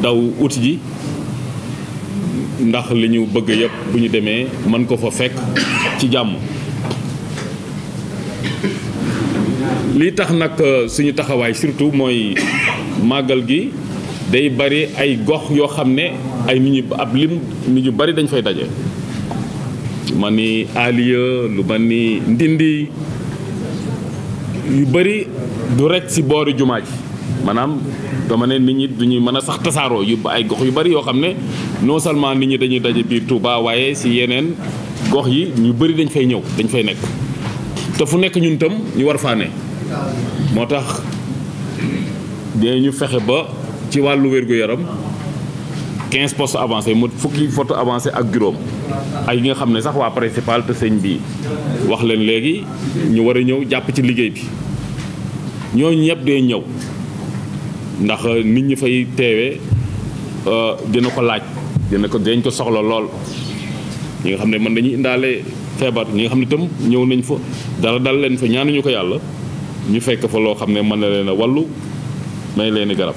daw uti ji ndax li ñu bëgg yépp bu ñu demee man ko fa fekk ci jàmm lii tax nag euh, suñu taxawaay surtout mooy màggal gi day bari ay gox yoo xam ne ay nit ñu ab lim nit ñu bari dañ fay daje lu mel ni Aliya lu mel ni Ndindi yu bari du rekk ci boori jumaa ji maanaam dama ne nit ñi duñu mën a sax tasaaroo yu ay gox yu bari yoo xam ne non seulement nit ñi dañuy daje biir Touba waaye si yeneen gox yi ñu bari dañ fay ñëw dañ fay nekk te fu nekk ñun tam ñu war faa ne moo tax ñu fexe ba ci wàllu wér-gu-yaram quinze postes avancé mu fukki photo avancé ak juróom ak yi nga xam ne sax waa principal te sëñ bi wax leen léegi ñu war a ñëw jàpp ci liggéey bi ñooñu ñëpp day ñëw ndax nit ñi fay teewee euh, dina ko laaj dina ko dañ ko soxla lool ñi nga xam ne mën nañu indaale feebar ñi nga xam ne itam ñëw nañ fa dara dal leen fa ñaanuñu ko yàlla ñu fekk fa loo xam ne mën na leen a wàllu may leen garab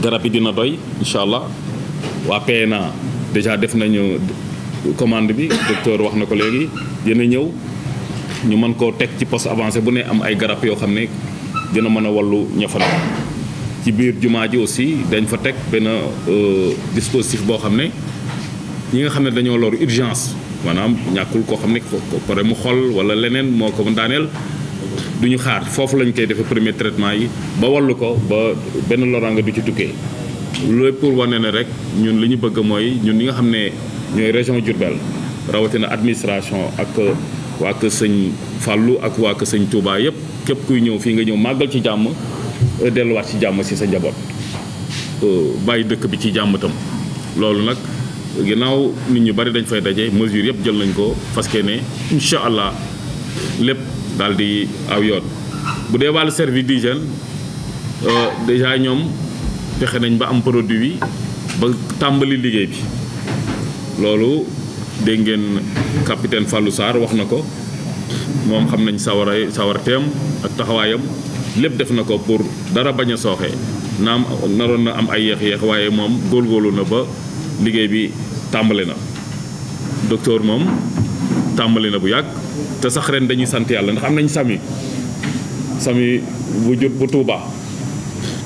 garab yi dina doy incha allah waa PNA déjà def nañu commande bi docteur wax na ko léegi dina ñëw ñu mën koo teg ci poste avancé bu ne am ay garab yoo xam ne dina mën a wàllu ña fa ci biir jumaa ji aussi dañ fa teg benn euh, dispositif boo xam ne ñi nga xam ne dañoo loru urgence maanaam ñàkkul koo xam ne pare mu xol wala leneen moo ko mu daaneel duñu xaar foofu lañ koy defee premier traitement yi ba wallu ko ba benn loraanga du ci tukkee loolu pour wane ne rek ñun li ñu bëgg mooy ñun ñi nga xam ne ñooy région Diourbel rawatina administration ak waa kër sëñ Fallou ak waa kër sëñ Touba yëpp képp kuy ñëw fii nga ñëw màggal ci jàmm Euh, delluwaat ci jàmm si sa njaboot euh, bàyyi dëkk bi ci jàmm tam loolu nag ginnaaw nit ñu bari dañ fay daje mesure yëpp jël nañ ko parce que ne incha allah lépp daal di aw yoon bu dee wàllu service d'hygiène euh, déjà ñoom fexe nañ ba am produit bi ba tàmbali liggéey bi loolu dégg ngeen capitaine Fallou Sarr wax na ko moom xam nañ sawara sawarteem ak taxawaayam lépp def na ko pour dara bañ a sooxee naam naroon na am ay yéex-yéex waaye moom góor góorgóorlu na ba liggéey bi tàmbali na docteur moom tàmbali na bu yàgg te sax ren dañuy sant yàlla ndax am nañ sami sami bu jut bu Tuuba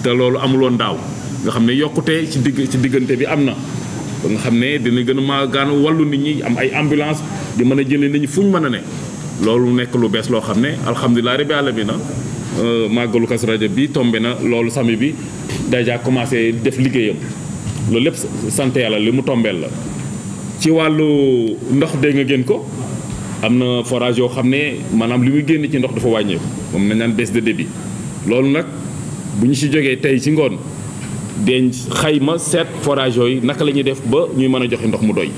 te loolu amuloon daaw nga xam ne yokkute ci digg ci diggante bi am na ba nga xam ne dina gën a maa gaan wàllu nit ñi am ay ambulance di mën a jëlee nit ñi fu ñu mën a ne loolu nekk lu bees loo xam ne alhamdulilah bi na Euh, màggalu Kazu Rajab bi tombe na loolu sami bi déjà commencé def liggéeyam loolu lépp sant yàlla li mu tombeel la ci wàllu ndox dégg nga génn ko am na forage yoo xam ne maanaam li muy génn ci ndox dafa wàññeeku moom nañ naan baisse de débit loolu nag bu ñu si jógee tey ci ngoon denc xayma seet forage yooyu naka la ñuy def ba ñuy mën a joxe ndox mu doy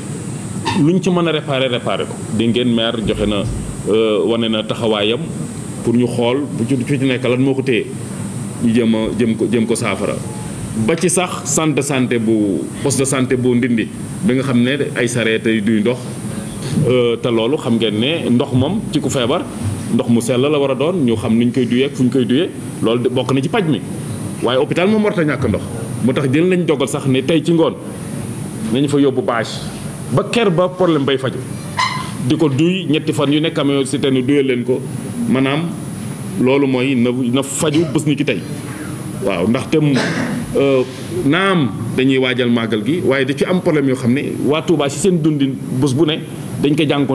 lu ñu ci mën a réparé réparé ko di ngeen maire joxe na euh, wane na taxawaayam pour ñu xool bu ci fi ci nekk lan moo ko téye ñu jëm jëm ko jëm ko saafara ba ci sax centre de santé bu poste de santé bu ndindi bi nga xam ne ay sareet yi duy ndox euh, te loolu xam ngeen ne ndox moom ci ku feebar ndox mu sell la la war a doon ñu xam ni koy duyee fu ñu koy duyee loolu bokk na ci paj mi waaye hôpital moom warta ñàkk ndox moo tax jël nañ dogal sax ni tey ci ngoon nañu fa yóbbu bâche ba ker ba problème bay faju di ko duy ñetti fan yu nekk amyociterne duyal leen ko maanaam loolu mooy na na faju bés ni ki tey waaw ndax tam euh, naam dañuy waajal màggal gi waaye da ci am problème yoo xam ne waa Touba si seen dundin bés bu ne dañ ko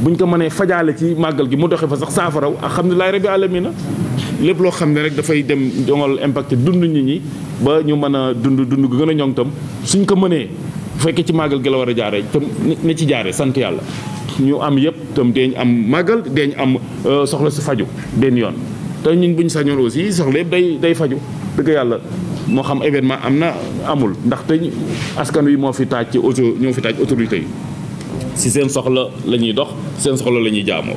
bu ñu ko mënee fajaale ci màggal gi mu doxee fa sax saafaraw alhamdulilah rabbi alamina lépp loo xam ne rek dafay dem dongal impacté dund nit ñi ba ñu mën a dund dund gu gën a ñoŋ tam suñ ko mënee bu fekkee ci màggal gi la war a jaaree tam ne ci jaaree sant yàlla. ñu am yëpp tam deeñ am màggal deeñ am euh, soxla si faju benn yoon te ñun buñ ñu sañoon aussi soxla yëpp day day faju dëgg yàlla moo xam événement am na amul ndaxte askan wi moo fi taaj ci auto ñoo fi taaj autorité yi si seen soxla la ñuy dox seen soxla la ñuy jaamoo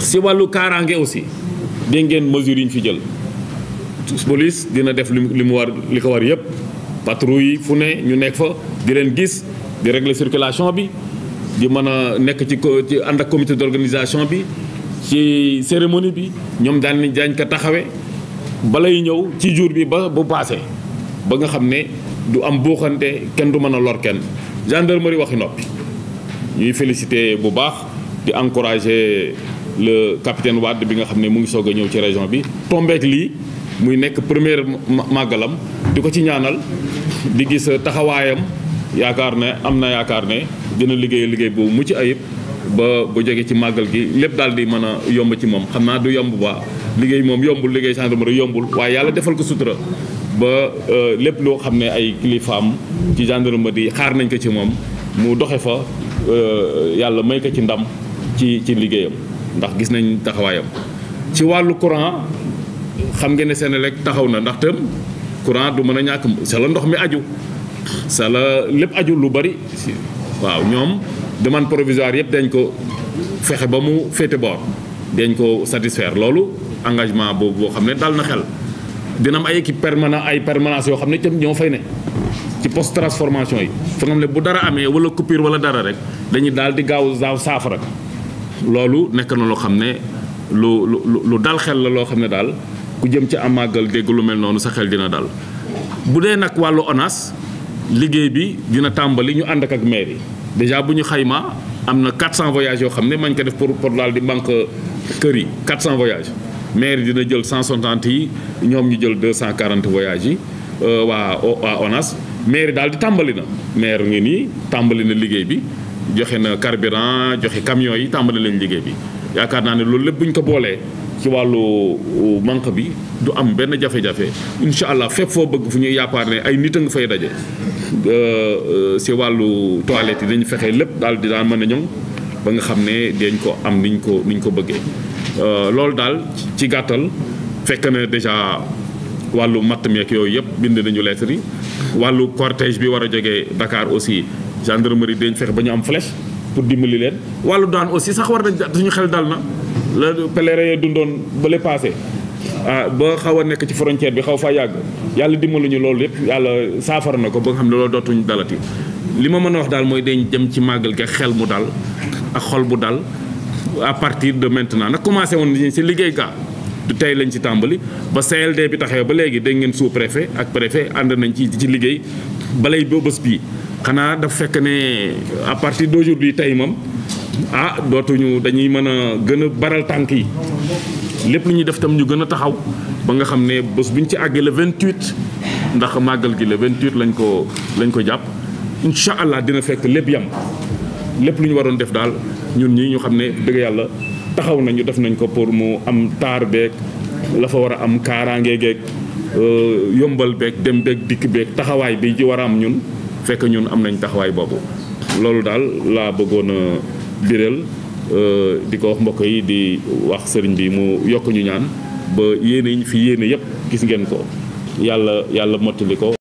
si wàllu kaaraange aussi dégg ngeen mesures yi ñu fi jël police dina def li mu war li ko war yëpp patrouille yi fu ne ñu nekk fa di leen gis di régler circulation bi di mën a nekk ci ci ànd ak comité d'organisation bi ci cérémonie bi ñoom daan daañ ko taxawee balay ñëw ci jour bi ba bu paase ba nga xam ne du am buuxante kenn du mën a lor kenn gendarmerie waxi noppi ñuy félicité bu baax di encouragé le capitaine Wade bi nga xam ne mu ngi soog a ñëw ci région bi tombeek lii muy nekk première màggalam di ko ci ñaanal di gis taxawaayam yaakaar ne am na yaakaar ne dina liggéey liggéey boobu mucc ayib ba bu jógee ci màggal gi lépp daal di mën a yomb ci moom xam naa du yomb ba liggéey moom yombul liggéey gendarmerie yombul waaye yàlla defal ko sutura ba euh, lépp loo xam ne ay kilifaam ci gendarmerie xaar nañ ko ci moom mu doxe fa euh, yàlla may ko ci ndam ci ci liggéeyam ndax gis nañ taxawaayam ci wàllu courant xam ngeen ne Senelec taxaw na ndax tam courant du mën a ñàkk sa la ndox mi aju sa la lépp aju lu bari waaw ñoom deman provisoire yëpp dañ ko fexe ba mu féete boor dañ ko satisfaire loolu engagement boobu boo xam ne dal na xel dina am ay équipe permanent ay permanence yoo xam ne itam ñoo fay ne ci poste transformation yi fa nga xam ne bu dara amee wala coupure wala dara rek dañuy daal di gaaw gaaw saafara loolu nekk na loo xam ne lu lu lu dal xel la loo xam ne daal ku jëm ci am màggal dégg lu mel noonu sa xel dina dal bu dee nag wàllu ONAS liggéey bi dina tàmbali ñu ànd ak ak yi déjà bu ñu xaymaa am na cent voyages yoo xam ne mañ ko def pour pour daal di banque kër yi cent voyage maire dina jël 160 yi ñoom ñu jël quarante voyages yi euh, waa waa ONAS maire daal di tàmbali na maire ngi nii tàmbali na liggéey bi joxe na carburant joxe camions yi tàmbali nañ liggéey bi yaakaar naa ne loolu lépp bu ñu ko boolee ci wàllu manque bi du am benn jafe-jafe incha allah fépp foo bëgg fu ñuy yaakaar ne ay nit a nga fay daje. Euh, euh, si wàllu toilette yi dañu fexe lépp daal di daan mën a ñoŋ ba nga xam ne dañ ko am niñ ko niñ ko bëggee euh, loolu daal ci gàttal fekk na déjà wàllu matt meek yooyu yëpp bind nañu lettre yi wàllu cortége bi war a jógee Dakar aussi gendarmerie dañ fexe ba ñu am flèche pour dimbali leen wàllu daan aussi sax war nañ suñu xel dal na la pèlerin yi dundoon ba le Ah, ba xaw a nekk ci frontière bi xaw faa yàgg yàlla dimbaluñu loolu yëpp yàlla saafara na ko ba nga xam ne loo dootuñu dalati li ma mën a wax daal mooy dañ jëm ci màggal ga xel mu dal ak xol bu dal à partir de maintenant nag commencé woon nañu si liggéey ga du tey lañ ci tàmbali ba CLD bi taxee ba léegi dégg ngeen sous préfet ak préfet ànd nañ ci ci liggéey balay boo bés bii xanaa dafa fekk ne à partir d'aujourd'hui tey moom ah dootuñu dañuy mën a gën a baral tànk yi lépp lu ñuy def tam ñu gën a taxaw ba nga xam ne bés bu ñu ci àggee le 28 ndax màggal gi le 28 lañ ko lañ ko jàpp incha allah dina fekk lépp yam lépp lu ñu waroon def daal ñun ñi ñu xam ne dëgg yàlla taxaw nañu def nañ ko pour mu am taar beeg la fa war a am kaaraange geeg euh, yombal beeg dem beeg dikk beeg taxawaay bi ji war a am ñun fekk ñun am nañ taxawaay boobu. loolu daal laa bëggoon biral euh, di ko wax mbokk yi di wax sëriñ bi mu yokk ñu ñaan ba yéene yi ñu fi yéene yëpp gis ngeen ko yàlla yàlla mottali ko.